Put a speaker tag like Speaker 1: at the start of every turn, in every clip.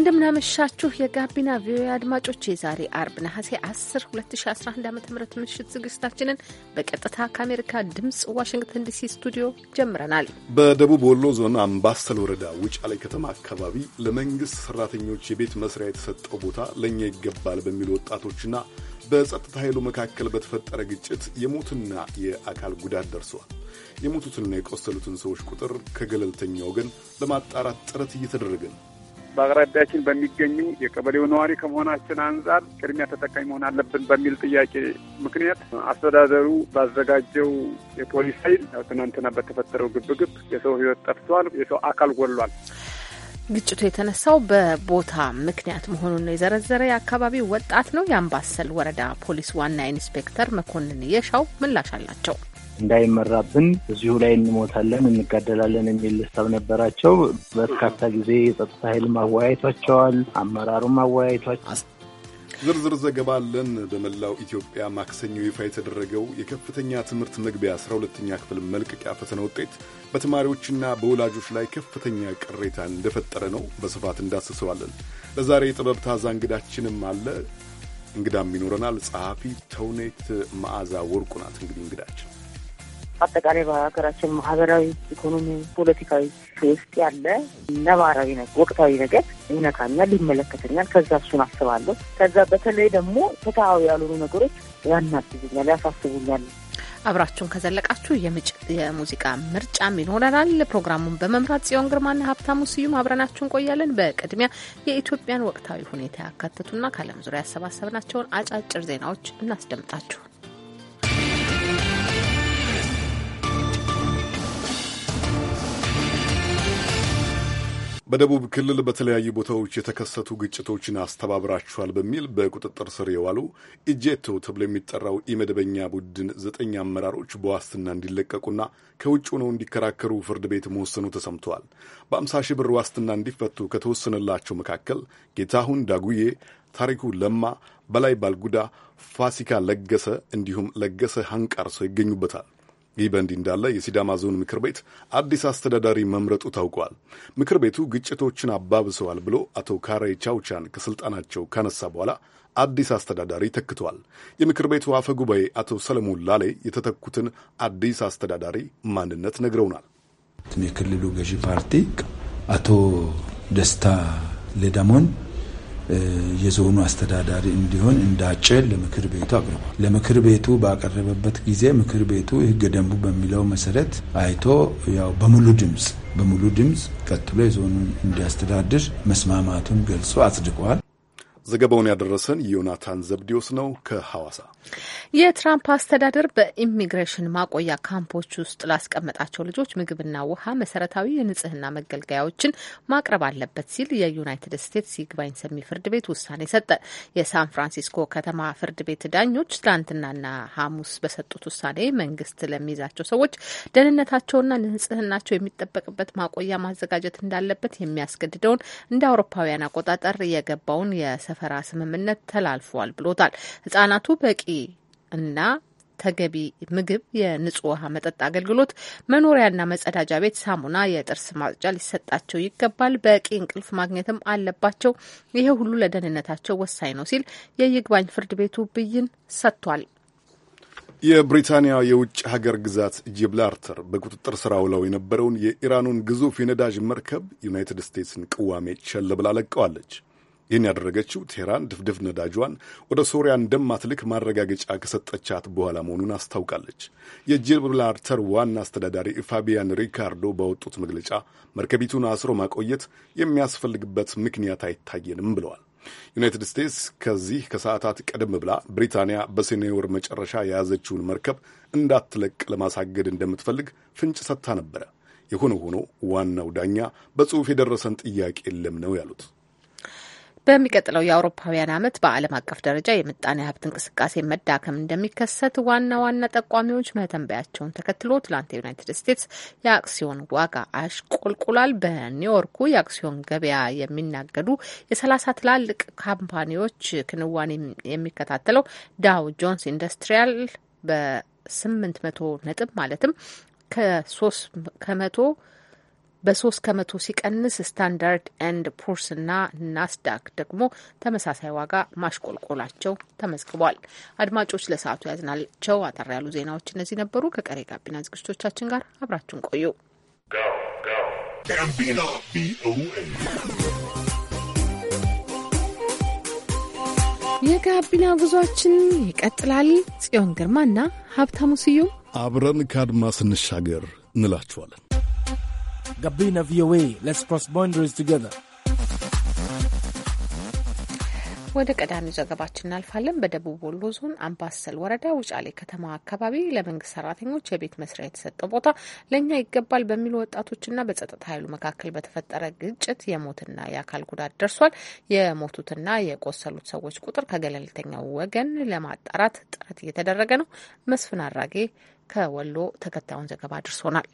Speaker 1: እንደምናመሻችሁ የጋቢና ቪኦኤ አድማጮች የዛሬ አርብ ነሐሴ 10 2011 ዓ ም ምሽት ዝግጅታችንን በቀጥታ ከአሜሪካ ድምፅ ዋሽንግተን ዲሲ ስቱዲዮ ጀምረናል።
Speaker 2: በደቡብ ወሎ ዞን አምባሰል ወረዳ ውጫሌ ከተማ አካባቢ ለመንግሥት ሠራተኞች የቤት መስሪያ የተሰጠው ቦታ ለእኛ ይገባል በሚሉ ወጣቶችና በጸጥታ ኃይሉ መካከል በተፈጠረ ግጭት የሞትና የአካል ጉዳት ደርሷል። የሞቱትና የቆሰሉትን ሰዎች ቁጥር ከገለልተኛ ወገን ለማጣራት ጥረት እየተደረገ ነው።
Speaker 3: በአቅራቢያችን በሚገኙ የቀበሌው ነዋሪ ከመሆናችን አንጻር ቅድሚያ ተጠቃሚ መሆን አለብን በሚል ጥያቄ ምክንያት አስተዳደሩ ባዘጋጀው የፖሊስ ኃይል ትናንትና በተፈጠረው ግብግብ የሰው ሕይወት ጠፍቷል፣ የሰው አካል ጎሏል።
Speaker 1: ግጭቱ የተነሳው በቦታ ምክንያት መሆኑን ነው የዘረዘረ የአካባቢው ወጣት ነው። የአምባሰል ወረዳ ፖሊስ ዋና ኢንስፔክተር መኮንን የሻው ምላሽ አላቸው።
Speaker 4: እንዳይመራብን እዚሁ ላይ እንሞታለን፣ እንጋደላለን የሚል ሀሳብ ነበራቸው። በርካታ ጊዜ የጸጥታ ኃይል ማወያየቷቸዋል፣ አመራሩ ማወያየቷቸዋል።
Speaker 2: ዝርዝር ዘገባ አለን። በመላው ኢትዮጵያ ማክሰኞ ይፋ የተደረገው የከፍተኛ ትምህርት መግቢያ አስራ ሁለተኛ ክፍል መልቀቂያ ፈተና ውጤት በተማሪዎችና በወላጆች ላይ ከፍተኛ ቅሬታ እንደፈጠረ ነው በስፋት እንዳስሰዋለን። ለዛሬ የጥበብ ታዛ እንግዳችንም አለ እንግዳም ይኖረናል። ጸሐፊ ተውኔት መዓዛ ወርቁ ናት እንግዲህ እንግዳችን
Speaker 5: አጠቃላይ በሀገራችን ማህበራዊ፣ ኢኮኖሚ፣ ፖለቲካዊ ውስጥ ያለ ነባራዊ ወቅታዊ ነገር ይነካኛል፣ ይመለከተኛል። ከዛ እሱን አስባለሁ። ከዛ በተለይ ደግሞ ፍትሐዊ ያልሆኑ ነገሮች ያናግዙኛል፣ ያሳስቡኛል።
Speaker 1: አብራችሁን ከዘለቃችሁ የሙዚቃ ምርጫም ይኖረናል። ፕሮግራሙን በመምራት ጽዮን ግርማና ሀብታሙ ስዩም አብረናችሁ እንቆያለን። በቅድሚያ የኢትዮጵያን ወቅታዊ ሁኔታ ያካተቱና ከዓለም ዙሪያ ያሰባሰብናቸውን አጫጭር ዜናዎች እናስደምጣችሁ።
Speaker 2: በደቡብ ክልል በተለያዩ ቦታዎች የተከሰቱ ግጭቶችን አስተባብራችኋል በሚል በቁጥጥር ስር የዋሉ ኢጄቶ ተብሎ የሚጠራው ኢመደበኛ ቡድን ዘጠኝ አመራሮች በዋስትና እንዲለቀቁና ከውጭ ሆነው እንዲከራከሩ ፍርድ ቤት መወሰኑ ተሰምተዋል። በአምሳ ሺህ ብር ዋስትና እንዲፈቱ ከተወሰነላቸው መካከል ጌታሁን ዳጉዬ፣ ታሪኩ ለማ፣ በላይ ባልጉዳ፣ ፋሲካ ለገሰ እንዲሁም ለገሰ አንቃርሰው ይገኙበታል። ይህ በእንዲህ እንዳለ የሲዳማ ዞን ምክር ቤት አዲስ አስተዳዳሪ መምረጡ ታውቋል። ምክር ቤቱ ግጭቶችን አባብሰዋል ብሎ አቶ ካሬ ቻውቻን ከስልጣናቸው ካነሳ በኋላ አዲስ አስተዳዳሪ ተክቷል። የምክር ቤቱ አፈ ጉባኤ አቶ ሰለሞን ላሌ የተተኩትን አዲስ አስተዳዳሪ ማንነት ነግረውናል። የክልሉ ገዢ ፓርቲ አቶ ደስታ ሌዳሞን የዞኑ አስተዳዳሪ እንዲሆን እንዳጨል ለምክር ቤቱ አቅርቧል። ለምክር ቤቱ ባቀረበበት ጊዜ ምክር ቤቱ ህገ ደንቡ በሚለው መሰረት አይቶ ያው በሙሉ ድምፅ በሙሉ ድምፅ ቀጥሎ የዞኑን እንዲያስተዳድር መስማማቱን ገልጾ አጽድቋል። ዘገባውን ያደረሰን ዮናታን ዘብዲዮስ ነው ከሐዋሳ።
Speaker 1: የትራምፕ አስተዳደር በኢሚግሬሽን ማቆያ ካምፖች ውስጥ ላስቀመጣቸው ልጆች ምግብና ውሃ፣ መሰረታዊ የንጽህና መገልገያዎችን ማቅረብ አለበት ሲል የዩናይትድ ስቴትስ ይግባኝ ሰሚ ፍርድ ቤት ውሳኔ ሰጠ። የሳን ፍራንሲስኮ ከተማ ፍርድ ቤት ዳኞች ትናንትናና ሐሙስ በሰጡት ውሳኔ መንግስት ለሚይዛቸው ሰዎች ደህንነታቸውና ንጽህናቸው የሚጠበቅበት ማቆያ ማዘጋጀት እንዳለበት የሚያስገድደውን እንደ አውሮፓውያን አቆጣጠር የገባውን የሰፈራ ስምምነት ተላልፏል ብሎታል። ህጻናቱ በቂ እና ተገቢ ምግብ፣ የንጹህ ውሃ መጠጥ አገልግሎት፣ መኖሪያና መጸዳጃ ቤት፣ ሳሙና፣ የጥርስ ማጽጃ ሊሰጣቸው ይገባል። በቂ እንቅልፍ ማግኘትም አለባቸው። ይሄ ሁሉ ለደህንነታቸው ወሳኝ ነው ሲል የይግባኝ ፍርድ ቤቱ ብይን ሰጥቷል።
Speaker 2: የብሪታንያ የውጭ ሀገር ግዛት ጂብላርተር በቁጥጥር ስር አውለው የነበረውን የኢራኑን ግዙፍ የነዳጅ መርከብ ዩናይትድ ስቴትስን ቅዋሜ ቸል ብላ ለቀዋለች። ይህን ያደረገችው ቴህራን ድፍድፍ ነዳጇን ወደ ሶሪያ እንደማትልክ ማረጋገጫ ከሰጠቻት በኋላ መሆኑን አስታውቃለች። የጂብራልተር ዋና አስተዳዳሪ ፋቢያን ሪካርዶ ባወጡት መግለጫ መርከቢቱን አስሮ ማቆየት የሚያስፈልግበት ምክንያት አይታየንም ብለዋል። ዩናይትድ ስቴትስ ከዚህ ከሰዓታት ቀደም ብላ ብሪታንያ በሰኔ ወር መጨረሻ የያዘችውን መርከብ እንዳትለቅ ለማሳገድ እንደምትፈልግ ፍንጭ ሰጥታ ነበረ። የሆነ ሆኖ ዋናው ዳኛ በጽሑፍ የደረሰን ጥያቄ የለም ነው ያሉት።
Speaker 1: በሚቀጥለው የአውሮፓውያን ዓመት በዓለም አቀፍ ደረጃ የምጣኔ ሀብት እንቅስቃሴ መዳከም እንደሚከሰት ዋና ዋና ጠቋሚዎች መተንበያቸውን ተከትሎ ትላንት የዩናይትድ ስቴትስ የአክሲዮን ዋጋ አሽቆልቁላል። በኒውዮርኩ የአክሲዮን ገበያ የሚናገዱ የሰላሳ ትላልቅ ካምፓኒዎች ክንዋኔ የሚከታተለው ዳው ጆንስ ኢንዱስትሪያል በስምንት መቶ ነጥብ ማለትም ከሶስት ከመቶ በሶስት ከመቶ ሲቀንስ ስታንዳርድ ኤንድ ፑርስና ናስዳክ ደግሞ ተመሳሳይ ዋጋ ማሽቆልቆላቸው ተመዝግቧል። አድማጮች ለሰዓቱ ያዝናቸው አጠር ያሉ ዜናዎች እነዚህ ነበሩ። ከቀሬ ጋቢና ዝግጅቶቻችን ጋር አብራችሁን ቆዩ። የጋቢና ጉዟችን ይቀጥላል። ጽዮን ግርማና ሀብታሙ ስዩም
Speaker 2: አብረን ከአድማ ስንሻገር
Speaker 6: እንላችኋለን። Gabina VOA. Let's cross boundaries together.
Speaker 1: ወደ ቀዳሚው ዘገባችን እናልፋለን። በደቡብ ወሎ ዞን አምባሰል ወረዳ ውጫሌ ከተማ አካባቢ ለመንግስት ሰራተኞች የቤት መስሪያ የተሰጠው ቦታ ለእኛ ይገባል በሚሉ ወጣቶችና በጸጥታ ኃይሉ መካከል በተፈጠረ ግጭት የሞትና የአካል ጉዳት ደርሷል። የሞቱትና የቆሰሉት ሰዎች ቁጥር ከገለልተኛው ወገን ለማጣራት ጥረት እየተደረገ ነው። መስፍን አራጌ ከወሎ ተከታዩን ዘገባ አድርሶናል።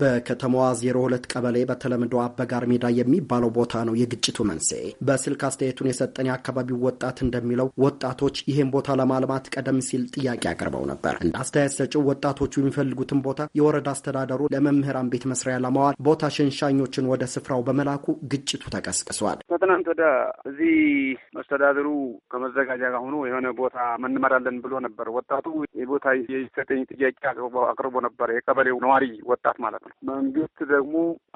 Speaker 7: በከተማዋ 02 ቀበሌ በተለምዶ አበጋር ሜዳ የሚባለው ቦታ ነው የግጭቱ መንስኤ። በስልክ አስተያየቱን የሰጠን የአካባቢው ወጣት እንደሚለው ወጣቶች ይህን ቦታ ለማልማት ቀደም ሲል ጥያቄ አቅርበው ነበር። እንደ አስተያየት ሰጪው ወጣቶቹ የሚፈልጉትን ቦታ የወረዳ አስተዳደሩ ለመምህራን ቤት መስሪያ ለማዋል ቦታ ሸንሻኞችን ወደ ስፍራው በመላኩ ግጭቱ ተቀስቅሷል።
Speaker 3: ከትናንት ወደ እዚህ መስተዳደሩ ከመዘጋጃ ጋር ሆኖ የሆነ ቦታ መንመራለን ብሎ ነበር። ወጣቱ የቦታ የሰጠኝ ጥያቄ አቅርቦ ነበር። የቀበሌው ነዋሪ ወጣት ማለት ማለት መንግስት ደግሞ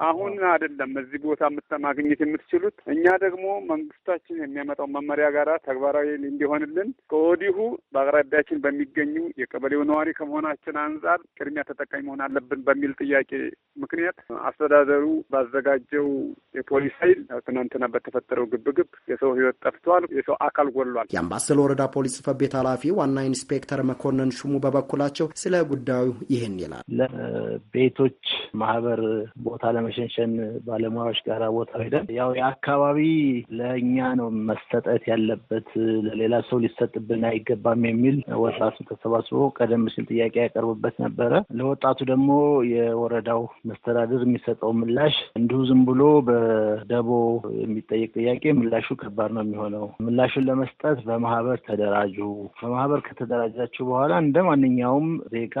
Speaker 3: አሁን አይደለም እዚህ ቦታ ማግኘት የምትችሉት እኛ ደግሞ መንግስታችን የሚያመጣው መመሪያ ጋር ተግባራዊ እንዲሆንልን ከወዲሁ በአቅራቢያችን በሚገኙ የቀበሌው ነዋሪ ከመሆናችን አንጻር ቅድሚያ ተጠቃሚ መሆን አለብን በሚል ጥያቄ ምክንያት አስተዳደሩ ባዘጋጀው የፖሊስ ኃይል ትናንትና በተፈጠረው ግብግብ የሰው ህይወት ጠፍቷል፣ የሰው አካል ጎሏል።
Speaker 7: የአምባሰል ወረዳ ፖሊስ ጽሕፈት ቤት ኃላፊ ዋና ኢንስፔክተር መኮንን ሹሙ በበኩላቸው ስለ ጉዳዩ ይህን ይላል። ለቤቶች ማህበር ቦታ ለመሸንሸን ባለሙያዎች ጋር ቦታ ሄደን ያው የአካባቢ
Speaker 4: ለእኛ ነው መሰጠት ያለበት ለሌላ ሰው ሊሰጥብን አይገባም የሚል ወጣቱ ተሰባስቦ ቀደም ሲል ጥያቄ ያቀርቡበት ነበረ። ለወጣቱ ደግሞ የወረዳው መስተዳድር የሚሰጠው ምላሽ እንዲሁ ዝም ብሎ በደቦ የሚጠየቅ ጥያቄ ምላሹ ከባድ ነው የሚሆነው። ምላሹን ለመስጠት በማህበር ተደራጁ። በማህበር ከተደራጃችሁ በኋላ እንደ ማንኛውም ዜጋ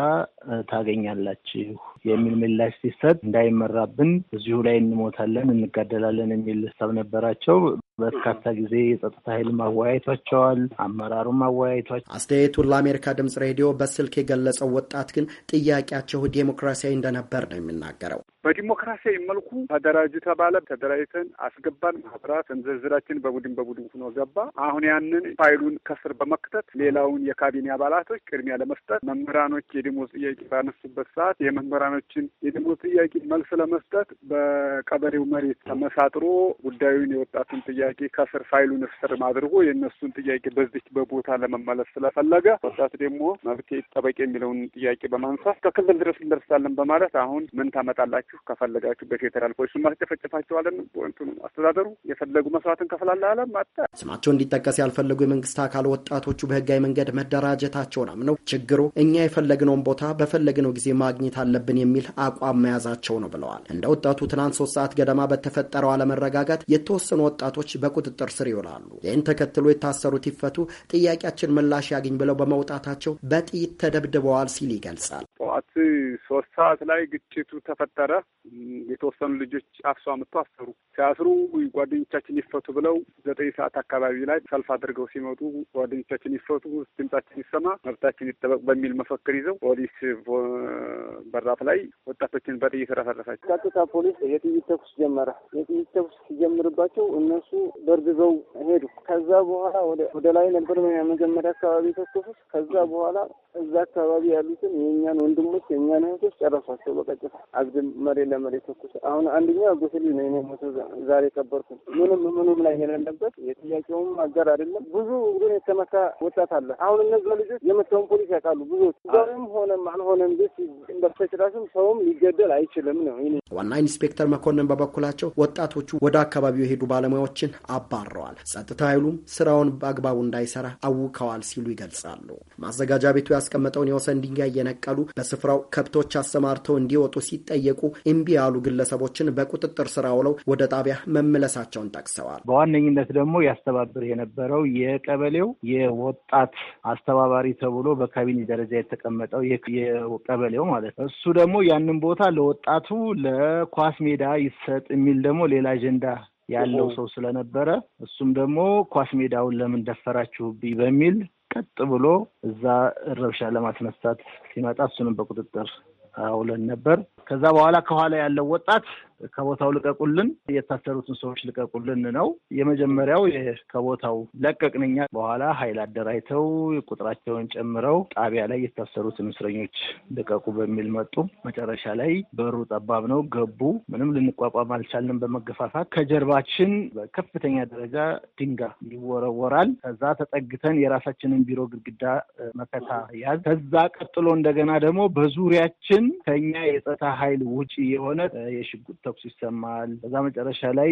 Speaker 4: ታገኛላችሁ የሚል ምላሽ ሲሰጥ እንዳይመራብን እዚሁ ላይ እንሞታለን፣ እንጋደላለን የሚል ሀሳብ
Speaker 7: ነበራቸው። በርካታ ጊዜ የጸጥታ ኃይል ማወያየቷቸዋል፣ አመራሩ ማወያየቷቸው። አስተያየቱን ለአሜሪካ ድምጽ ሬዲዮ በስልክ የገለጸው ወጣት ግን ጥያቄያቸው ዴሞክራሲያዊ እንደነበር ነው የሚናገረው።
Speaker 3: በዲሞክራሲያዊ መልኩ ተደራጅ ተባለ። ተደራጅተን አስገባን ማህበራት ዝርዝራችን በቡድን በቡድን ሆኖ ገባ። አሁን ያንን ፋይሉን ከስር በመክተት ሌላውን የካቢኔ አባላቶች ቅድሚያ ለመስጠት መምህራኖች የደሞዝ ጥያቄ ባነሱበት ሰዓት የመምህራኖችን የደሞዝ ጥያቄ መልስ ለመስጠት በቀበሌው መሬት ተመሳጥሮ ጉዳዩን የወጣቱን ጥያቄ ከስር ፋይሉን እስር አድርጎ የእነሱን ጥያቄ በዚች በቦታ ለመመለስ ስለፈለገ ወጣት ደግሞ መብት ጠበቂ የሚለውን ጥያቄ በማንሳት ከክልል ድረስ እንደርሳለን በማለት አሁን ምን ታመጣላችሁ ከፈለጋችሁ ከፈለጋችሁ የፌዴራል ፖሊስ ማስጨፈጨፋቸዋለን። እንትኑ አስተዳደሩ የፈለጉ መስዋዕትን
Speaker 7: ከፍላለ አለ አጣ። ስማቸው እንዲጠቀስ ያልፈለጉ የመንግስት አካል ወጣቶቹ በህጋዊ መንገድ መደራጀታቸውን አምነው ችግሩ እኛ የፈለግነውን ቦታ በፈለግነው ጊዜ ማግኘት አለብን የሚል አቋም መያዛቸው ነው ብለዋል። እንደ ወጣቱ ትናንት ሶስት ሰዓት ገደማ በተፈጠረው አለመረጋጋት የተወሰኑ ወጣቶች በቁጥጥር ስር ይውላሉ። ይህን ተከትሎ የታሰሩት ይፈቱ፣ ጥያቄያችን ምላሽ ያገኝ ብለው በመውጣታቸው በጥይት ተደብድበዋል ሲል ይገልጻል።
Speaker 3: ጠዋት ሶስት ሰዓት ላይ ግጭቱ ተፈጠረ። የተወሰኑ ልጆች አፍሶ አምጥቶ አሰሩ። ሲያስሩ ጓደኞቻችን ይፈቱ ብለው ዘጠኝ ሰዓት አካባቢ ላይ ሰልፍ አድርገው ሲመጡ ጓደኞቻችን ይፈቱ፣ ድምጻችን ይሰማ፣ መብታችን ይጠበቅ በሚል መፈክር ይዘው ፖሊስ በራፍ ላይ ወጣቶችን በጥይት ረፈረፋቸው። ቀጥታ
Speaker 5: ፖሊስ የጥይት ተኩስ ጀመረ። የጥይት ተኩስ ሲጀምርባቸው
Speaker 3: እነሱ በርግዘው ሄዱ። ከዛ በኋላ ወደ ላይ ነበር መጀመሪያ አካባቢ የተኮሱት። ከዛ በኋላ እዛ አካባቢ ያሉትን የእኛን ወንድሞች የእኛን እህቶች ጨረሷቸው በቀጥታ አግድም ለመሬት ተኩስ አሁን አንደኛ ጉስል ነው እኔ ሞቶ ዛሬ ቀበርኩ። ምንም ምኑም ላይ የሌለበት የጥያቄውም አጋር አይደለም። ብዙ ግን የተመታ ወጣት አለ። አሁን እነዛ ልጆች የመታውን ፖሊስ ያውቃሉ። ብዙዎች ዛሬም ሆነም አልሆነም ቤት በተጭራሽም ሰውም ሊገደል አይችልም ነው። ዋና
Speaker 7: ኢንስፔክተር መኮንን በበኩላቸው ወጣቶቹ ወደ አካባቢው የሄዱ ባለሙያዎችን አባረዋል፣ ጸጥታ ኃይሉም ስራውን በአግባቡ እንዳይሰራ አውከዋል ሲሉ ይገልጻሉ። ማዘጋጃ ቤቱ ያስቀመጠውን የወሰን ድንጋይ እየነቀሉ በስፍራው ከብቶች አሰማርተው እንዲወጡ ሲጠየቁ እምቢ ያሉ ግለሰቦችን በቁጥጥር ስር አውለው ወደ ጣቢያ መመለሳቸውን ጠቅሰዋል። በዋነኝነት ደግሞ ያስተባብር የነበረው የቀበሌው የወጣት
Speaker 4: አስተባባሪ ተብሎ በካቢኔ ደረጃ የተቀመጠው የቀበሌው ማለት ነው። እሱ ደግሞ ያንን ቦታ ለወጣቱ ለኳስ ሜዳ ይሰጥ የሚል ደግሞ ሌላ አጀንዳ ያለው ሰው ስለነበረ እሱም ደግሞ ኳስ ሜዳውን ለምን ደፈራችሁብኝ በሚል ቀጥ ብሎ እዛ ረብሻ ለማስነሳት ሲመጣ እሱንም በቁጥጥር አውለን ነበር። ከዛ በኋላ ከኋላ ያለው ወጣት ከቦታው ልቀቁልን፣ የታሰሩትን ሰዎች ልቀቁልን ነው የመጀመሪያው። ከቦታው ለቀቅንኛ በኋላ ኃይል አደራጅተው ቁጥራቸውን ጨምረው ጣቢያ ላይ የታሰሩትን እስረኞች ልቀቁ በሚል መጡ። መጨረሻ ላይ በሩ ጠባብ ነው፣ ገቡ። ምንም ልንቋቋም አልቻልንም። በመገፋፋት ከጀርባችን በከፍተኛ ደረጃ ድንጋይ ይወረወራል። ከዛ ተጠግተን የራሳችንን ቢሮ ግድግዳ መከታ ያዝ። ከዛ ቀጥሎ እንደገና ደግሞ በዙሪያችን ከኛ የጸጥታ ኃይል ውጪ የሆነ የሽጉጥ ተኩስ ይሰማል። በዛ መጨረሻ ላይ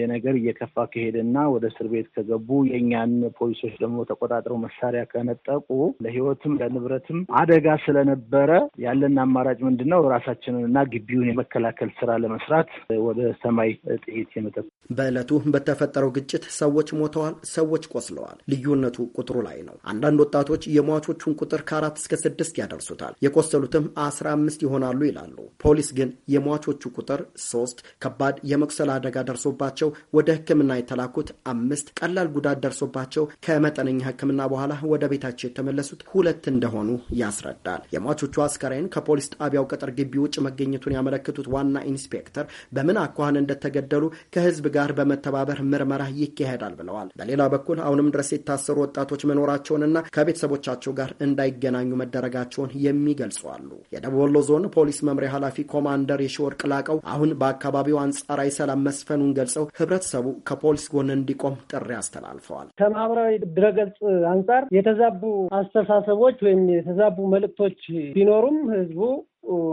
Speaker 4: የነገር እየከፋ ከሄደና ወደ እስር ቤት ከገቡ የእኛን ፖሊሶች ደግሞ ተቆጣጥረው መሳሪያ ከነጠቁ ለሕይወትም ለንብረትም አደጋ ስለነበረ ያለን አማራጭ ምንድን ነው? ራሳችንን
Speaker 7: እና ግቢውን የመከላከል ስራ ለመስራት ወደ ሰማይ ጥይት የመጠቁ። በዕለቱ በተፈጠረው ግጭት ሰዎች ሞተዋል፣ ሰዎች ቆስለዋል። ልዩነቱ ቁጥሩ ላይ ነው። አንዳንድ ወጣቶች የሟቾቹን ቁጥር ከአራት እስከ ስድስት ያደርሱታል። የቆሰሉትም አስራ አምስት ይሆናሉ ይላሉ። ፖሊስ ግን የሟቾቹ ቁጥር ሶስት፣ ከባድ የመቁሰል አደጋ ደርሶባቸው ወደ ሕክምና የተላኩት አምስት፣ ቀላል ጉዳት ደርሶባቸው ከመጠነኛ ሕክምና በኋላ ወደ ቤታቸው የተመለሱት ሁለት እንደሆኑ ያስረዳል። የሟቾቹ አስከሬን ከፖሊስ ጣቢያው ቅጥር ግቢ ውጭ መገኘቱን ያመለክቱት ዋና ኢንስፔክተር በምን አኳኋን እንደተገደሉ ከህዝብ ጋር በመተባበር ምርመራ ይካሄዳል ብለዋል። በሌላ በኩል አሁንም ድረስ የታሰሩ ወጣቶች መኖራቸውንና ከቤተሰቦቻቸው ጋር እንዳይገናኙ መደረጋቸውን የሚገልጹ አሉ። የደቡብ ወሎ ዞን ፖሊስ መምሪያ ኃላፊ ኮማንደር የሺወርቅ ላቀው አሁን በአካባቢው አንጻራዊ ሰላም መስፈኑን ገልጸው ህብረተሰቡ ከፖሊስ ጎን እንዲቆም ጥሪ አስተላልፈዋል።
Speaker 4: ከማህበራዊ ድረገጽ አንጻር የተዛቡ አስተሳሰቦች ወይም የተዛቡ መልእክቶች ቢኖሩም ህዝቡ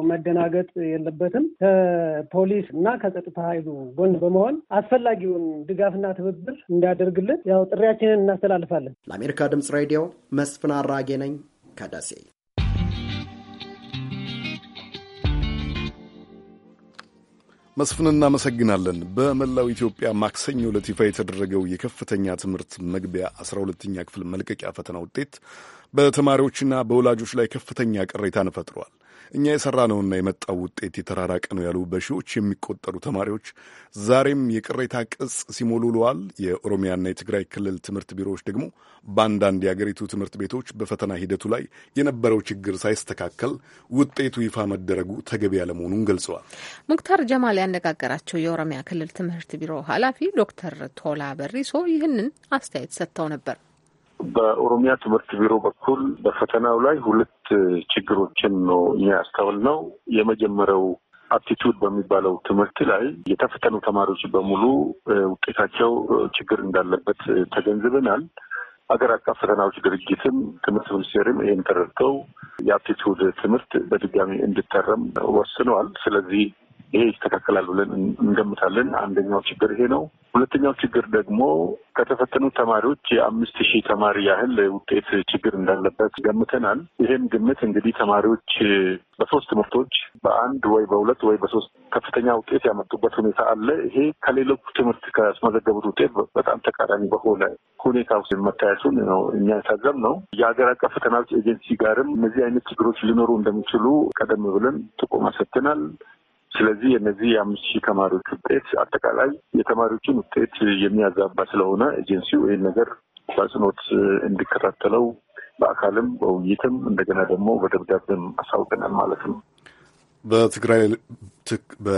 Speaker 4: መደናገጥ የለበትም። ከፖሊስ እና ከጸጥታ ኃይሉ ጎን በመሆን አስፈላጊውን ድጋፍና ትብብር እንዲያደርግልን ያው ጥሪያችንን እናስተላልፋለን።
Speaker 7: ለአሜሪካ ድምፅ ሬዲዮ መስፍን አራጌ ነኝ ከደሴ
Speaker 2: መስፍን እናመሰግናለን። በመላው ኢትዮጵያ ማክሰኞ ዕለት ይፋ የተደረገው የከፍተኛ ትምህርት መግቢያ 12ኛ ክፍል መልቀቂያ ፈተና ውጤት በተማሪዎችና በወላጆች ላይ ከፍተኛ ቅሬታን ፈጥሯል። እኛ የሰራ ነውና የመጣው ውጤት የተራራቀ ነው ያሉ በሺዎች የሚቆጠሩ ተማሪዎች ዛሬም የቅሬታ ቅጽ ሲሞሉ ውለዋል። የኦሮሚያና የትግራይ ክልል ትምህርት ቢሮዎች ደግሞ በአንዳንድ የአገሪቱ ትምህርት ቤቶች በፈተና ሂደቱ ላይ የነበረው ችግር ሳይስተካከል ውጤቱ ይፋ መደረጉ ተገቢ
Speaker 8: ያለመሆኑን ገልጸዋል።
Speaker 1: ሙክታር ጀማል ያነጋገራቸው የኦሮሚያ ክልል ትምህርት ቢሮ ኃላፊ ዶክተር ቶላ በሪሶ ይህንን አስተያየት ሰጥተው ነበር።
Speaker 8: በኦሮሚያ ትምህርት ቢሮ በኩል በፈተናው ላይ ሁለት ችግሮችን ነው የሚያስተውል ነው። የመጀመሪያው አፕቲቱድ በሚባለው ትምህርት ላይ የተፈተኑ ተማሪዎች በሙሉ ውጤታቸው ችግር እንዳለበት ተገንዝበናል። አገር አቀፍ ፈተናዎች ድርጅትም ትምህርት ሚኒስቴርም ይህን ተረድተው የአፕቲቱድ ትምህርት በድጋሚ እንዲታረም ወስነዋል። ስለዚህ ይሄ ይስተካከላል ብለን እንገምታለን። አንደኛው ችግር ይሄ ነው። ሁለተኛው ችግር ደግሞ ከተፈተኑት ተማሪዎች የአምስት ሺህ ተማሪ ያህል ውጤት ችግር እንዳለበት ገምተናል። ይህም ግምት እንግዲህ ተማሪዎች በሶስት ትምህርቶች በአንድ ወይ በሁለት ወይ በሶስት ከፍተኛ ውጤት ያመጡበት ሁኔታ አለ። ይሄ ከሌሎች ትምህርት ካስመዘገቡት ውጤት በጣም ተቃራኒ በሆነ ሁኔታ ውስጥ መታየቱን ነው እኛ የታዘብ ነው። የሀገር አቀፍ ፈተናዎች ኤጀንሲ ጋርም እነዚህ አይነት ችግሮች ሊኖሩ እንደሚችሉ ቀደም ብለን ጥቆማ ሰጥተናል። ስለዚህ የነዚህ የአምስት ሺህ ተማሪዎች ውጤት አጠቃላይ የተማሪዎችን ውጤት የሚያዛባ ስለሆነ ኤጀንሲው ይህን ነገር በጽኖት እንዲከታተለው በአካልም በውይይትም እንደገና ደግሞ በደብዳቤም አሳውቀናል ማለት ነው።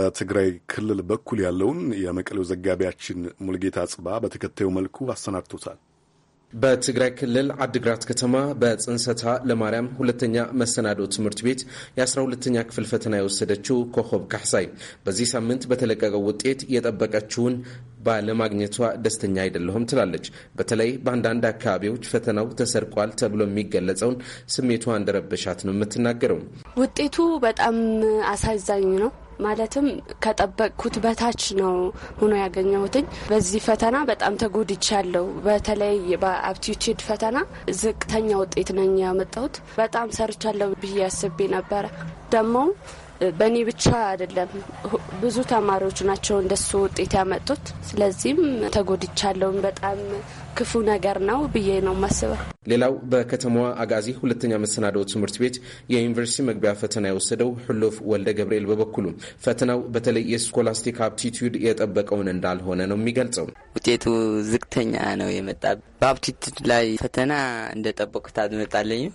Speaker 2: በትግራይ ክልል በኩል ያለውን የመቀሌው ዘጋቢያችን ሙልጌታ
Speaker 6: ጽባ በተከታዩ መልኩ አሰናድቶታል። በትግራይ ክልል አድግራት ከተማ በጽንሰታ ለማርያም ሁለተኛ መሰናዶ ትምህርት ቤት የ12ተኛ ክፍል ፈተና የወሰደችው ኮኸብ ካሕሳይ በዚህ ሳምንት በተለቀቀው ውጤት የጠበቀችውን ባለማግኘቷ ደስተኛ አይደለሁም ትላለች። በተለይ በአንዳንድ አካባቢዎች ፈተናው ተሰርቋል ተብሎ የሚገለጸውን ስሜቷ እንደረበሻት ነው የምትናገረው።
Speaker 9: ውጤቱ በጣም አሳዛኝ ነው። ማለትም ከጠበቅኩት በታች ነው ሆኖ ያገኘሁትኝ። በዚህ ፈተና በጣም ተጎድቻለሁ። በተለይ በአፕቲቱድ ፈተና ዝቅተኛ ውጤት ነኝ ያመጣሁት። በጣም ሰርቻለሁ ብዬ አስቤ ነበረ ደግሞ በእኔ ብቻ አይደለም፣ ብዙ ተማሪዎች ናቸው እንደሱ ውጤት ያመጡት። ስለዚህም ተጎድቻለውን በጣም ክፉ ነገር ነው ብዬ ነው ማስበው።
Speaker 6: ሌላው በከተማዋ አጋዚ ሁለተኛ መሰናዶ ትምህርት ቤት የዩኒቨርሲቲ መግቢያ ፈተና የወሰደው ሁሎፍ ወልደ ገብርኤል በበኩሉ ፈተናው በተለይ የስኮላስቲክ አፕቲቱድ የጠበቀውን እንዳልሆነ ነው የሚገልጸው። ውጤቱ ዝቅተኛ ነው የመጣ በአፕቲቱድ ላይ ፈተና እንደጠበቁት
Speaker 5: አልመጣለኝም።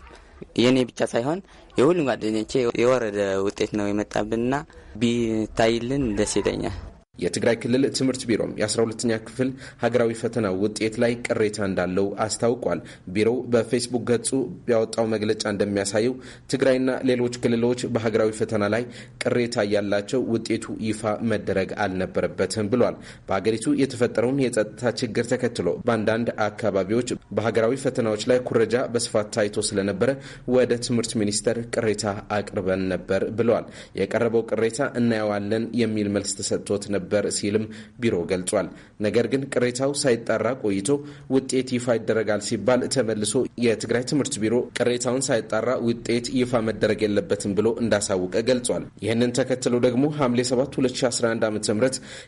Speaker 6: የእኔ ብቻ ሳይሆን የሁሉም ጓደኞቼ የወረደ ውጤት ነው የመጣብንና ቢታይልን ደስ ይለኛል። የትግራይ ክልል ትምህርት ቢሮም የ12ኛ ክፍል ሀገራዊ ፈተና ውጤት ላይ ቅሬታ እንዳለው አስታውቋል። ቢሮው በፌስቡክ ገጹ ያወጣው መግለጫ እንደሚያሳየው ትግራይና ሌሎች ክልሎች በሀገራዊ ፈተና ላይ ቅሬታ ያላቸው ውጤቱ ይፋ መደረግ አልነበረበትም ብሏል። በሀገሪቱ የተፈጠረውን የጸጥታ ችግር ተከትሎ በአንዳንድ አካባቢዎች በሀገራዊ ፈተናዎች ላይ ኩረጃ በስፋት ታይቶ ስለነበረ ወደ ትምህርት ሚኒስቴር ቅሬታ አቅርበን ነበር ብለዋል። የቀረበው ቅሬታ እናየዋለን የሚል መልስ ተሰጥቶት ነበር ነበር ሲልም ቢሮ ገልጿል። ነገር ግን ቅሬታው ሳይጣራ ቆይቶ ውጤት ይፋ ይደረጋል ሲባል ተመልሶ የትግራይ ትምህርት ቢሮ ቅሬታውን ሳይጣራ ውጤት ይፋ መደረግ የለበትም ብሎ እንዳሳወቀ ገልጿል። ይህንን ተከትሎ ደግሞ ሐምሌ 7 2011 ዓ ም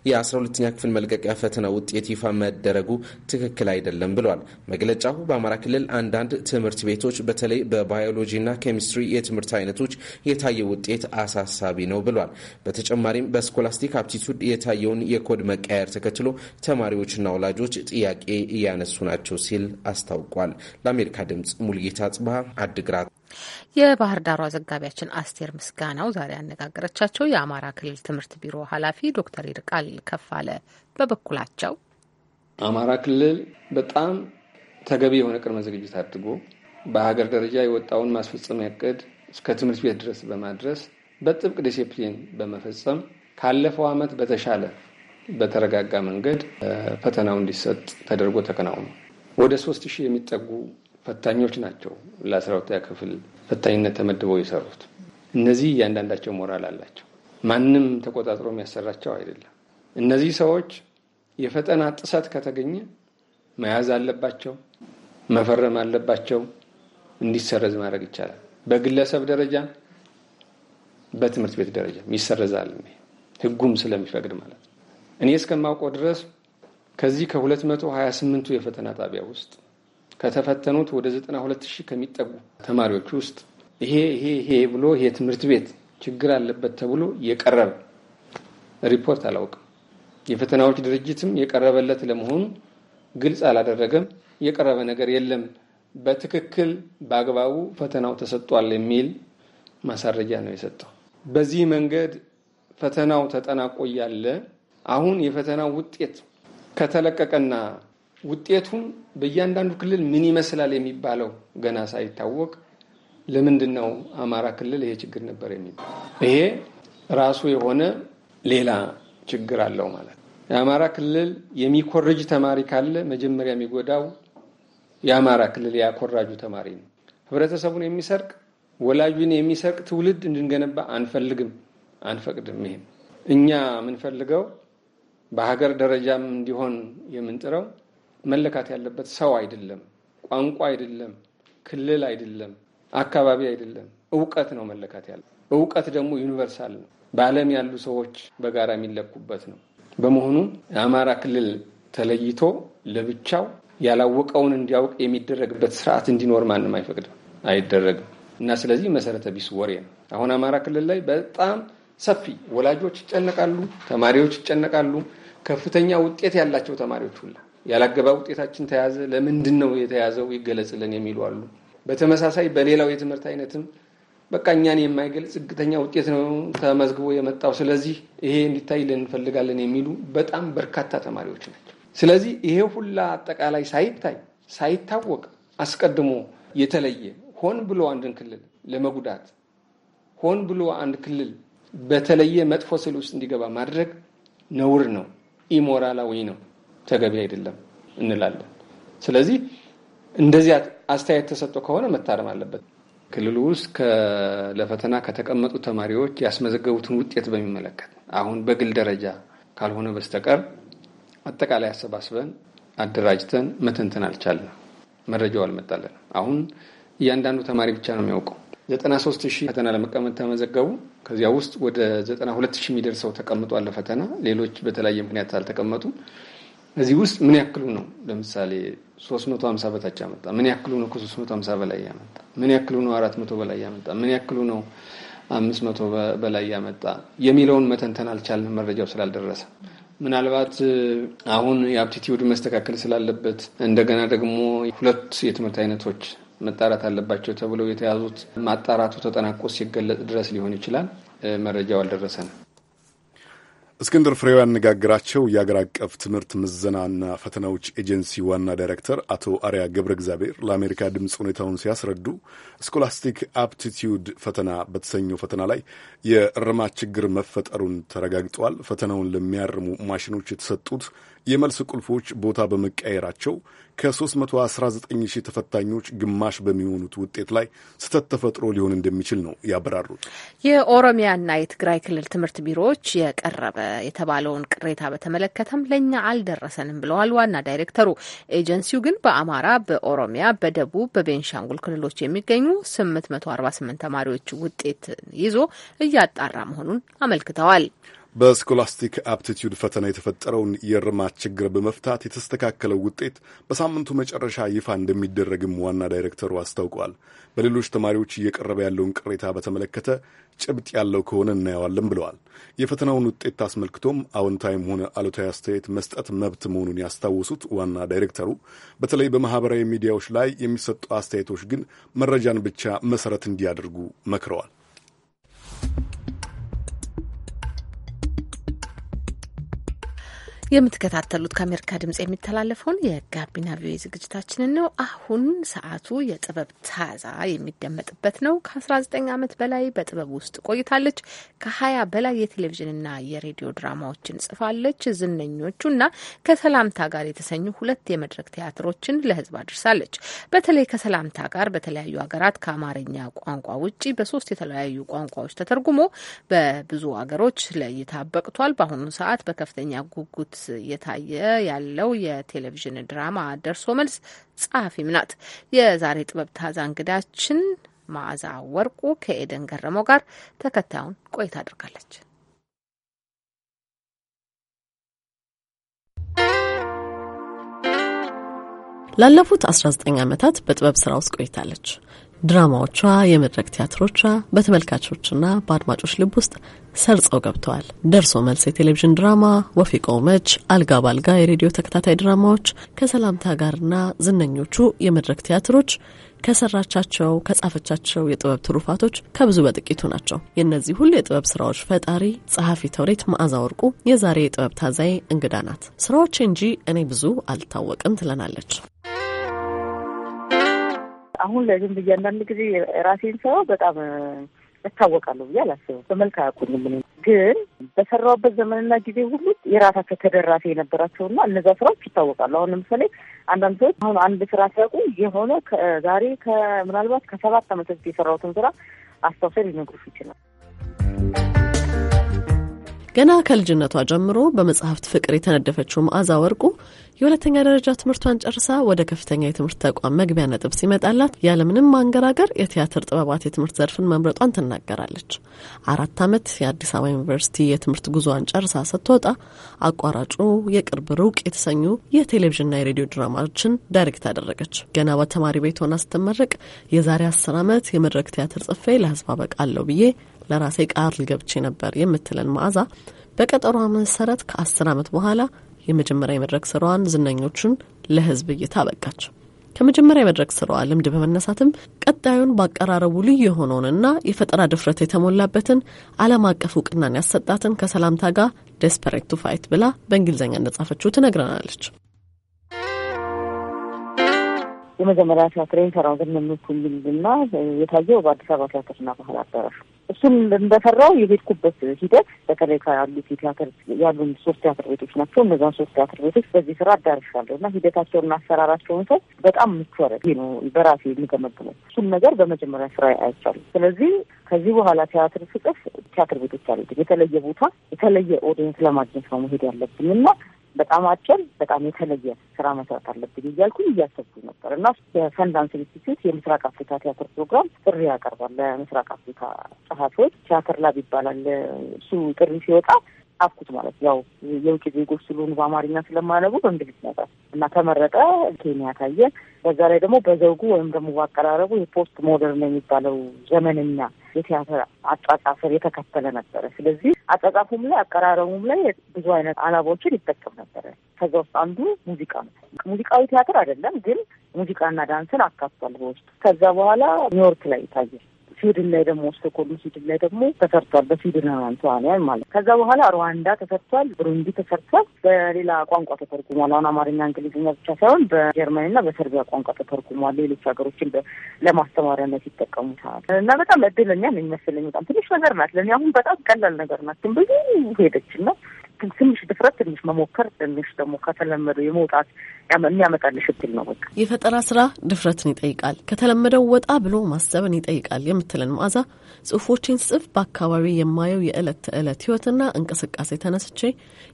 Speaker 6: የ12ኛ ክፍል መልቀቂያ ፈተና ውጤት ይፋ መደረጉ ትክክል አይደለም ብሏል። መግለጫው በአማራ ክልል አንዳንድ ትምህርት ቤቶች በተለይ በባዮሎጂና ኬሚስትሪ የትምህርት አይነቶች የታየ ውጤት አሳሳቢ ነው ብሏል። በተጨማሪም በስኮላስቲክ አፕቲቱድ የታ ያሳየውን የኮድ መቀያየር ተከትሎ ተማሪዎችና ወላጆች ጥያቄ እያነሱ ናቸው ሲል አስታውቋል። ለአሜሪካ ድምጽ ሙልጌታ ጽብሃ አድግራት።
Speaker 1: የባህር ዳሯ ዘጋቢያችን አስቴር ምስጋናው ዛሬ ያነጋገረቻቸው የአማራ ክልል ትምህርት ቢሮ ኃላፊ ዶክተር ይርቃል ከፋለ በበኩላቸው
Speaker 10: አማራ ክልል በጣም ተገቢ የሆነ ቅድመ ዝግጅት አድርጎ በሀገር ደረጃ የወጣውን ማስፈጸሚያ እቅድ እስከ ትምህርት ቤት ድረስ በማድረስ በጥብቅ ዲሲፕሊን በመፈጸም ካለፈው ዓመት በተሻለ በተረጋጋ መንገድ ፈተናው እንዲሰጥ ተደርጎ ተከናውኗል። ወደ ሶስት ሺህ የሚጠጉ ፈታኞች ናቸው ለአስራ ሁለተኛ ክፍል ፈታኝነት ተመድበው የሰሩት። እነዚህ እያንዳንዳቸው ሞራል አላቸው። ማንም ተቆጣጥሮ የሚያሰራቸው አይደለም። እነዚህ ሰዎች የፈተና ጥሰት ከተገኘ መያዝ አለባቸው፣ መፈረም አለባቸው፣ እንዲሰረዝ ማድረግ ይቻላል። በግለሰብ ደረጃ፣ በትምህርት ቤት ደረጃ ይሰረዛል። ህጉም ስለሚፈቅድ ማለት ነው። እኔ እስከማውቀው ድረስ ከዚህ ከ228ቱ የፈተና ጣቢያ ውስጥ ከተፈተኑት ወደ 92 ሺህ ከሚጠጉ ተማሪዎች ውስጥ ይሄ ይሄ ይሄ ብሎ ይሄ ትምህርት ቤት ችግር አለበት ተብሎ የቀረበ ሪፖርት አላውቅም። የፈተናዎች ድርጅትም የቀረበለት ለመሆኑ ግልጽ አላደረገም። የቀረበ ነገር የለም። በትክክል በአግባቡ ፈተናው ተሰጥቷል የሚል ማሳረጃ ነው የሰጠው። በዚህ መንገድ ፈተናው ተጠናቆ እያለ አሁን የፈተናው ውጤት ከተለቀቀና ውጤቱም በእያንዳንዱ ክልል ምን ይመስላል የሚባለው ገና ሳይታወቅ ለምንድን ነው አማራ ክልል ይሄ ችግር ነበር የሚባል? ይሄ ራሱ የሆነ ሌላ ችግር አለው ማለት ነው። የአማራ ክልል የሚኮርጅ ተማሪ ካለ መጀመሪያ የሚጎዳው የአማራ ክልል ያኮራጁ ተማሪ ነው። ህብረተሰቡን የሚሰርቅ ወላጁን የሚሰርቅ ትውልድ እንድንገነባ አንፈልግም። አንፈቅድም። ይሄ እኛ የምንፈልገው በሀገር ደረጃም እንዲሆን የምንጥረው መለካት ያለበት ሰው አይደለም፣ ቋንቋ አይደለም፣ ክልል አይደለም፣ አካባቢ አይደለም፣ እውቀት ነው መለካት ያለ። እውቀት ደግሞ ዩኒቨርሳል ነው፣ በዓለም ያሉ ሰዎች በጋራ የሚለኩበት ነው። በመሆኑ የአማራ ክልል ተለይቶ ለብቻው ያላወቀውን እንዲያውቅ የሚደረግበት ስርዓት እንዲኖር ማንም አይፈቅድም፣ አይደረግም እና ስለዚህ መሰረተ ቢስ ወሬ ነው። አሁን አማራ ክልል ላይ በጣም ሰፊ ወላጆች ይጨነቃሉ፣ ተማሪዎች ይጨነቃሉ። ከፍተኛ ውጤት ያላቸው ተማሪዎች ሁላ ያላገባ ውጤታችን ተያዘ፣ ለምንድን ነው የተያዘው ይገለጽልን የሚሉ አሉ። በተመሳሳይ በሌላው የትምህርት አይነትም በቃ እኛን የማይገልጽ ዝቅተኛ ውጤት ነው ተመዝግቦ የመጣው፣ ስለዚህ ይሄ እንዲታይልን እንፈልጋለን የሚሉ በጣም በርካታ ተማሪዎች ናቸው። ስለዚህ ይሄ ሁላ አጠቃላይ ሳይታይ ሳይታወቅ አስቀድሞ የተለየ ሆን ብሎ አንድን ክልል ለመጉዳት ሆን ብሎ አንድ ክልል በተለየ መጥፎ ስል ውስጥ እንዲገባ ማድረግ ነውር ነው፣ ኢሞራላዊ ነው፣ ተገቢ አይደለም እንላለን። ስለዚህ እንደዚህ አስተያየት ተሰጥቶ ከሆነ መታረም አለበት። ክልሉ ውስጥ ለፈተና ከተቀመጡ ተማሪዎች ያስመዘገቡትን ውጤት በሚመለከት አሁን በግል ደረጃ ካልሆነ በስተቀር አጠቃላይ አሰባስበን አደራጅተን መተንተን አልቻልንም። መረጃው አልመጣለንም። አሁን እያንዳንዱ ተማሪ ብቻ ነው የሚያውቀው። 93 ሺህ ፈተና ለመቀመጥ ተመዘገቡ። ከዚያ ውስጥ ወደ 92 ሺህ የሚደርሰው ተቀምጧል ፈተና ሌሎች በተለያየ ምክንያት አልተቀመጡም። እዚህ ውስጥ ምን ያክሉ ነው ለምሳሌ 350 በታች ያመጣ? ምን ያክሉ ነው ከ350 በላይ ያመጣ? ምን ያክሉ ነው 400 በላይ ያመጣ? ምን ያክሉ ነው አምስት መቶ በላይ ያመጣ የሚለውን መተንተን አልቻልንም፣ መረጃው ስላልደረሰ። ምናልባት አሁን የአፕቲቲዩድ መስተካከል ስላለበት እንደገና ደግሞ ሁለት የትምህርት አይነቶች መጣራት አለባቸው ተብለው የተያዙት ማጣራቱ ተጠናቆ ሲገለጽ ድረስ ሊሆን ይችላል። መረጃው አልደረሰንም።
Speaker 2: እስክንድር ፍሬው ያነጋግራቸው የአገር አቀፍ ትምህርት ምዘናና ፈተናዎች ኤጀንሲ ዋና ዳይሬክተር አቶ አርያ ገብረ እግዚአብሔር ለአሜሪካ ድምፅ ሁኔታውን ሲያስረዱ ስኮላስቲክ አፕቲቲዩድ ፈተና በተሰኘው ፈተና ላይ የእርማት ችግር መፈጠሩን ተረጋግጧል። ፈተናውን ለሚያርሙ ማሽኖች የተሰጡት የመልስ ቁልፎች ቦታ በመቀየራቸው ከ319 ሺህ ተፈታኞች ግማሽ በሚሆኑት ውጤት ላይ ስህተት ተፈጥሮ ሊሆን እንደሚችል ነው ያብራሩት።
Speaker 1: የኦሮሚያና የትግራይ ክልል ትምህርት ቢሮዎች የቀረበ የተባለውን ቅሬታ በተመለከተም ለእኛ አልደረሰንም ብለዋል ዋና ዳይሬክተሩ። ኤጀንሲው ግን በአማራ፣ በኦሮሚያ፣ በደቡብ፣ በቤንሻንጉል ክልሎች የሚገኙ 848 ተማሪዎች ውጤት ይዞ እያጣራ መሆኑን አመልክተዋል።
Speaker 2: በስኮላስቲክ አፕቲቲዩድ ፈተና የተፈጠረውን የእርማት ችግር በመፍታት የተስተካከለው ውጤት በሳምንቱ መጨረሻ ይፋ እንደሚደረግም ዋና ዳይሬክተሩ አስታውቋል። በሌሎች ተማሪዎች እየቀረበ ያለውን ቅሬታ በተመለከተ ጭብጥ ያለው ከሆነ እናየዋለን ብለዋል። የፈተናውን ውጤት አስመልክቶም አዎንታዊም ሆነ አሉታዊ አስተያየት መስጠት መብት መሆኑን ያስታወሱት ዋና ዳይሬክተሩ በተለይ በማህበራዊ ሚዲያዎች ላይ የሚሰጡ አስተያየቶች ግን መረጃን ብቻ መሰረት እንዲያደርጉ መክረዋል።
Speaker 1: የምትከታተሉት ከአሜሪካ ድምጽ የሚተላለፈውን የጋቢና ቪ ዝግጅታችንን ነው። አሁን ሰዓቱ የጥበብ ታዛ የሚደመጥበት ነው። ከ19 ዓመት በላይ በጥበብ ውስጥ ቆይታለች። ከ20 በላይ የቴሌቪዥንና የሬዲዮ ድራማዎችን ጽፋለች። ዝነኞቹና ከሰላምታ ጋር የተሰኙ ሁለት የመድረክ ቲያትሮችን ለህዝብ አድርሳለች። በተለይ ከሰላምታ ጋር በተለያዩ ሀገራት ከአማርኛ ቋንቋ ውጪ በሶስት የተለያዩ ቋንቋዎች ተተርጉሞ በብዙ ሀገሮች ለእይታ በቅቷል። በአሁኑ ሰዓት በከፍተኛ ጉጉት እየታየ ያለው የቴሌቪዥን ድራማ ደርሶ መልስ ጸሐፊም ናት። የዛሬ ጥበብ ታዛ እንግዳችን መዓዛ ወርቁ ከኤደን ገረመው ጋር ተከታዩን ቆይታ አድርጋለች።
Speaker 9: ላለፉት 19 ዓመታት በጥበብ ስራ ውስጥ ቆይታለች። ድራማዎቿ፣ የመድረክ ቲያትሮቿ በተመልካቾችና በአድማጮች ልብ ውስጥ ሰርጸው ገብተዋል። ደርሶ መልስ የቴሌቪዥን ድራማ፣ ወፊቀው ቆመች፣ አልጋ ባልጋ የሬዲዮ ተከታታይ ድራማዎች፣ ከሰላምታ ጋርና ዝነኞቹ የመድረክ ቲያትሮች ከሰራቻቸው ከጻፈቻቸው የጥበብ ትሩፋቶች ከብዙ በጥቂቱ ናቸው። የእነዚህ ሁሉ የጥበብ ስራዎች ፈጣሪ ጸሐፊ ተውሬት መዓዛ ወርቁ የዛሬ የጥበብ ታዛይ እንግዳ ናት። ስራዎቼ እንጂ እኔ ብዙ አልታወቅም ትለናለች።
Speaker 5: አሁን ላይ ብዬ አንዳንድ ጊዜ ራሴን ሰው በጣም እታወቃለሁ ብዬ አላስብም። በመልክ አያውቁኝም። ግን በሰራሁበት ዘመንና ጊዜ ሁሉ የራሳቸው ተደራሴ የነበራቸውና እነዛ ስራዎች ይታወቃሉ። አሁን ለምሳሌ አንዳንድ ሰዎች አሁን አንድ ስራ ሲያውቁ የሆነ ዛሬ ምናልባት ከሰባት ዓመት በፊት የሰራሁትን ስራ አስታውሰው ሊነግሩሽ ይችላል።
Speaker 9: ገና ከልጅነቷ ጀምሮ በመጽሐፍት ፍቅር የተነደፈችው መዓዛ ወርቁ የሁለተኛ ደረጃ ትምህርቷን ጨርሳ ወደ ከፍተኛ የትምህርት ተቋም መግቢያ ነጥብ ሲመጣላት ያለምንም ማንገራገር የቲያትር ጥበባት የትምህርት ዘርፍን መምረጧን ትናገራለች። አራት ዓመት የአዲስ አበባ ዩኒቨርሲቲ የትምህርት ጉዞዋን ጨርሳ ስትወጣ አቋራጩ የቅርብ ሩቅ የተሰኙ የቴሌቪዥንና የሬዲዮ ድራማዎችን ዳይሬክት አደረገች። ገና በተማሪ ቤት ሆና ስትመረቅ የዛሬ አስር ዓመት የመድረክ ቲያትር ጽፌ ለህዝብ አበቃለሁ ብዬ ለራሴ ቃል ገብቼ ነበር የምትለን መዓዛ በቀጠሯ መሰረት ከአስር ዓመት በኋላ የመጀመሪያ የመድረክ ስራዋን ዝነኞቹን ለህዝብ እይታ አበቃች። ከመጀመሪያ የመድረክ ስራዋ ልምድ በመነሳትም ቀጣዩን ባቀራረቡ ልዩ የሆነውንና የፈጠራ ድፍረት የተሞላበትን ዓለም አቀፍ እውቅናን ያሰጣትን ከሰላምታ ጋር ዴስፐሬት ቱ ፋይት ብላ በእንግሊዝኛ እንደጻፈችው ትነግረናለች።
Speaker 5: የመጀመሪያ ቲያትር የሰራው ዘመኖቹ የሚልና የታየው በአዲስ አበባ ቲያትርና ባህል አዳራሽ እሱም እንደሰራው የሄድኩበት ሂደት በተለይ ከያሉት ቲያትር ያሉን ሶስት ቲያትር ቤቶች ናቸው። እነዛን ሶስት ቲያትር ቤቶች በዚህ ስራ አዳርሻለሁ እና ሂደታቸውና አሰራራቸውን ሰው በጣም ምቸረ ነው በራሴ የሚገመግመው እሱም ነገር በመጀመሪያ ስራ አይቻሉ። ስለዚህ ከዚህ በኋላ ቲያትር ስጽፍ ቲያትር ቤቶች አሉ የተለየ ቦታ የተለየ ኦዲየንስ ለማግኘት ነው መሄድ ያለብኝ እና በጣም አጭር በጣም የተለየ ስራ መስራት አለብኝ እያልኩኝ እያሰብኩ ነበር እና በሰንዳንስ ኢንስቲትዩት የምስራቅ አፍሪካ ቲያትር ፕሮግራም ጥሪ ያቀርባል ለምስራቅ አፍሪካ ጸሐፊዎች ቲያትር ላብ ይባላል። እሱ ጥሪ ሲወጣ ጻፍኩት ማለት ያው የውጭ ዜጎች ስለሆኑ በአማርኛ ስለማያነቡ በእንግሊዝ ነበር እና ተመረጠ። ኬንያ ታየ። በዛ ላይ ደግሞ በዘውጉ ወይም ደግሞ በአቀራረቡ የፖስት ሞደርን የሚባለው ዘመንኛ የቲያትር አጻጻፍን የተከተለ ነበረ። ስለዚህ አጻጻፉም ላይ አቀራረቡም ላይ ብዙ አይነት አላባዎችን ይጠቀም ነበረ። ከዛ ውስጥ አንዱ ሙዚቃ ነው። ሙዚቃዊ ቲያትር አይደለም ግን ሙዚቃና ዳንስን አካቷል በውስጡ። ከዛ በኋላ ኒውዮርክ ላይ ታየ። ስዊድን ላይ ደግሞ ስቶኮልም ስዊድን ላይ ደግሞ ተሰርቷል። በስዊድናውያን ተዋንያን ማለት ከዛ በኋላ ሩዋንዳ ተሰርቷል፣ ብሩንዲ ተሰርቷል። በሌላ ቋንቋ ተተርጉሟል። አሁን አማርኛ፣ እንግሊዝኛ ብቻ ሳይሆን በጀርመንና በሰርቢያ ቋንቋ ተተርጉሟል። ሌሎች ሀገሮችን ለማስተማሪያነት ይጠቀሙታል። እና በጣም እድለኛ ነው የሚመስለኝ። በጣም ትንሽ ነገር ናት ለእኔ አሁን በጣም ቀላል ነገር ናት፣ ግን ብዙ ሄደች ነው ትንሽ ድፍረት፣ ትንሽ መሞከር፣ ትንሽ ደግሞ ከተለመደው የመውጣት
Speaker 9: የሚያመጣልሽ እድል ነው። በቃ የፈጠራ ስራ ድፍረትን ይጠይቃል፣ ከተለመደው ወጣ ብሎ ማሰብን ይጠይቃል የምትለን መዓዛ ጽሁፎችን ጽፍ በአካባቢ የማየው የዕለት ተዕለት ህይወትና እንቅስቃሴ ተነስቼ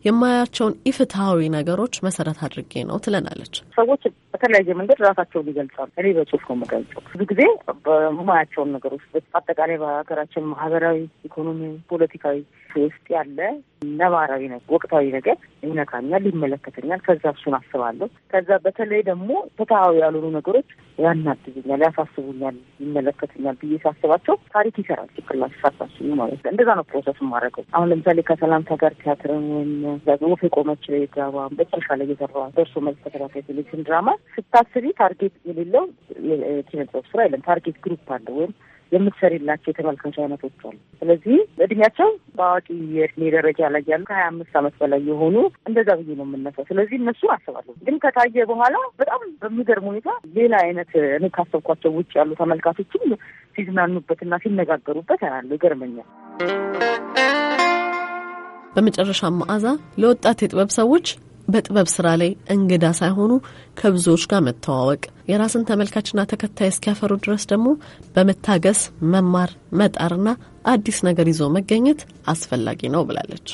Speaker 9: የማያቸውን ኢፍትሐዊ ነገሮች መሰረት አድርጌ ነው ትለናለች።
Speaker 5: ሰዎች በተለያየ መንገድ ራሳቸውን ይገልጻሉ። እኔ በጽሁፍ ነው የምገልጸው። ብዙ ጊዜ በማያቸውን ነገሮች አጠቃላይ በሀገራችን ማህበራዊ፣ ኢኮኖሚ፣ ፖለቲካዊ ውስጥ ያለ ነባራዊ ነገር ወቅታዊ ነገር ይነካኛል፣ ይመለከተኛል። ከዛ እሱን አስባለሁ። ከዛ በተለይ ደግሞ ፍትሐዊ ያልሆኑ ነገሮች ያናድዙኛል፣ ያሳስቡኛል፣ ይመለከተኛል ብዬ ሳስባቸው ታሪክ ይሰራል ጭንቅላት ሳሳስቡ ማለት ነው። እንደዛ ነው ፕሮሰስ ማድረገው። አሁን ለምሳሌ ከሰላምታ ጋር ቲያትርን ወይም ወፍ የቆመች ድራማ በመጨረሻ ላይ የሰራ ደርሶ መልስ ተከታታይ ቴሌቪዥን ድራማ ስታስቢ ታርጌት የሌለው ኪነጥበብ ስራ የለም። ታርጌት ግሩፕ አለ ወይም የምትሰሪላቸው የተመልካች አይነቶች አሉ። ስለዚህ እድሜያቸው በአዋቂ የእድሜ ደረጃ ላይ ያሉ ከሀያ አምስት ዓመት በላይ የሆኑ እንደዛ ብዬ ነው የምነሳው። ስለዚህ እነሱ አስባለሁ። ግን ከታየ በኋላ በጣም በሚገርም ሁኔታ ሌላ አይነት እኔ ካሰብኳቸው ውጭ ያሉ ተመልካቾችም ሲዝናኑበትና ሲነጋገሩበት አያለሁ። ይገርመኛል።
Speaker 9: በመጨረሻ መዓዛ ለወጣት የጥበብ ሰዎች በጥበብ ስራ ላይ እንግዳ ሳይሆኑ ከብዙዎች ጋር መተዋወቅ፣ የራስን ተመልካችና ተከታይ እስኪያፈሩ ድረስ ደግሞ በመታገስ መማር፣ መጣርና አዲስ ነገር ይዞ መገኘት አስፈላጊ ነው ብላለች።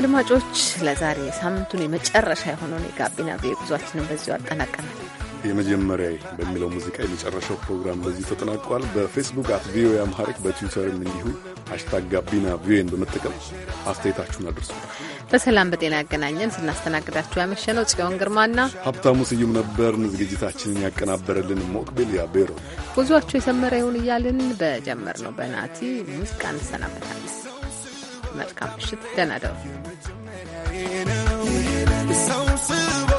Speaker 1: አድማጮች ለዛሬ ሳምንቱን የመጨረሻ የሆነውን የጋቢና ቪ ጉዟችንን በዚሁ አጠናቀናል።
Speaker 2: የመጀመሪያ በሚለው ሙዚቃ የመጨረሻው ፕሮግራም በዚህ ተጠናቋል። በፌስቡክ አት ቪኦኤ አምሃሪክ በትዊተርም እንዲሁ ሀሽታግ ጋቢና ቪኦኤን በመጠቀም አስተያየታችሁን አድርሱ።
Speaker 1: በሰላም በጤና ያገናኘን። ስናስተናግዳችሁ ያመሸነው ጽዮን ግርማና
Speaker 2: ሀብታሙ ስዩም ነበርን። ዝግጅታችንን ያቀናበረልን ሞቅቤል ያቤሮ።
Speaker 1: ጉዟችሁ የሰመረ ይሁን እያልን በጀመር ነው በናቲ ሙዚቃ እንሰናበታለን። መልካም ምሽት፣ ደህና ደሩ።
Speaker 6: ሰው
Speaker 2: ስቦ